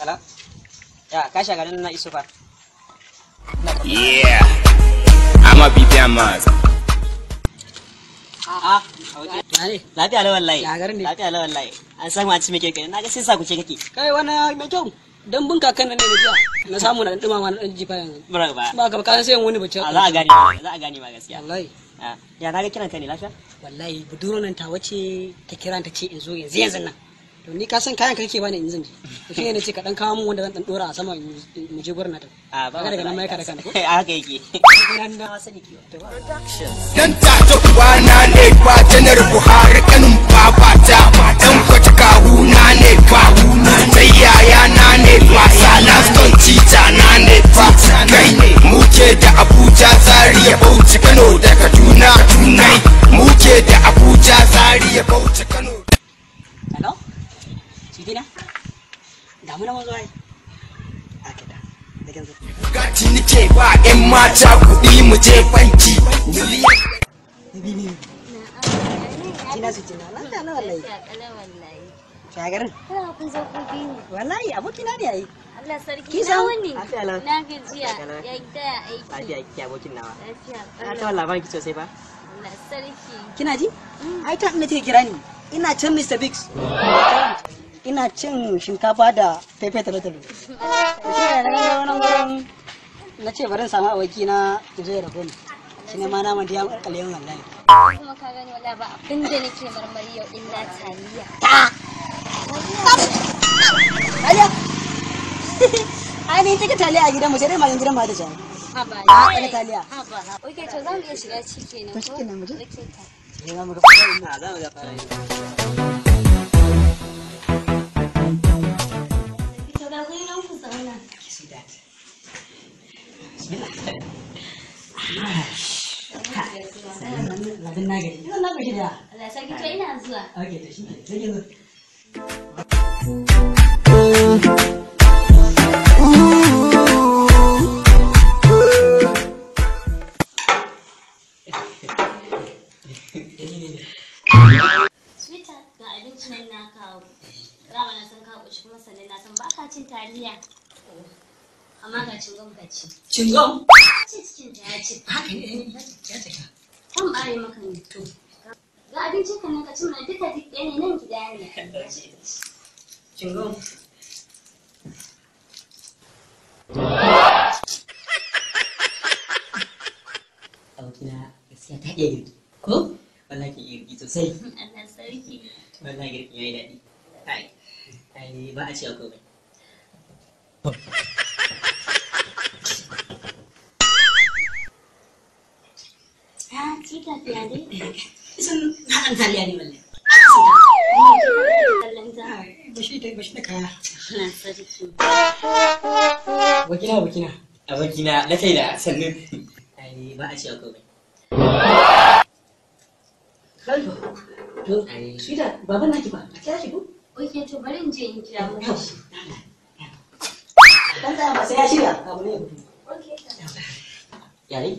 Hello? Yeah, kasha garin na iso fa. Yeah. I'm a big damn man. Ah, lafiya la wallahi. Lafiya la wallahi. An samu an ci kai kirkiri. Na ga sai sa kuce kake. Kai wani mai kyau. dan bin kakan nan ne da na samu na dima ma na dan jifa yanzu ba ba ba ka kan sai wani bace za a gane za a gane ma gaskiya wallahi ah, ya na ga kiran ka ne lafiya wallahi buduro nan ta wace ta kiranta ce in zo yanzu yanzu nan to ni ka san kayan ka kake bani in zan je to shine ce ka dan kawo mun wanda zan dan dora a sama mu je gurin na a ba daga nan mai ka da kanka haka yake nan na sani ki to dan ta to na ne ba Tanar buhari kanin ta, dan kwata kahu na ne kawu Gati ba 'yan mata kuɗi muje je Kina ji? Ai ta ina take kira ni. Ina can Mr. Biggs. ina cin shinkafa da fefe talo shi ne na wani gurin na ce barin samu awaki na zai zo ya rabu shi ne ma na manta ya kalli yawan kuma ka gani wala ba abin da nake marmari yau ina taliya. Ta! taliya ai ne take taliya a gidan mu sai dai gidan ma ta taliya ha ba taliya ha ba oke to zamu iya shiga ciki to shi mu je ne za mu ga fara ina za mu ga labin na da to ina zuwa ga abincin nan na kawo. kawo shi kuma sannan na san ba ka cin taliya. amma ga ci. Cingam? Ci cikin ya ci. Haka ne, ya kan bare maka ne to ga abinci ka nan ka ci mana duka duk ɗaya ne nan gida ne gaskiya ta iya girki ko girki sosai Allah sarki girki daɗi ai ba a ce akwai ठीक है प्यारे sun haɗin taliya ne wallahi bashi ta bashi ta kaya wakina wakina a wakina na kai da sannin ba a ce akwai bai kalba to shida baban naki ba a in je in kira mu shi dan tsaya ba sai ya shirya abu ne oke yayi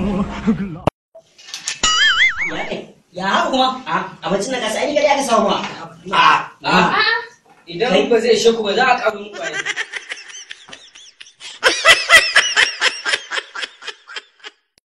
ya haka kuma abincin nan kasa ni gari aka samu ba idan ba zai shi ku ba za a ƙaru muku ba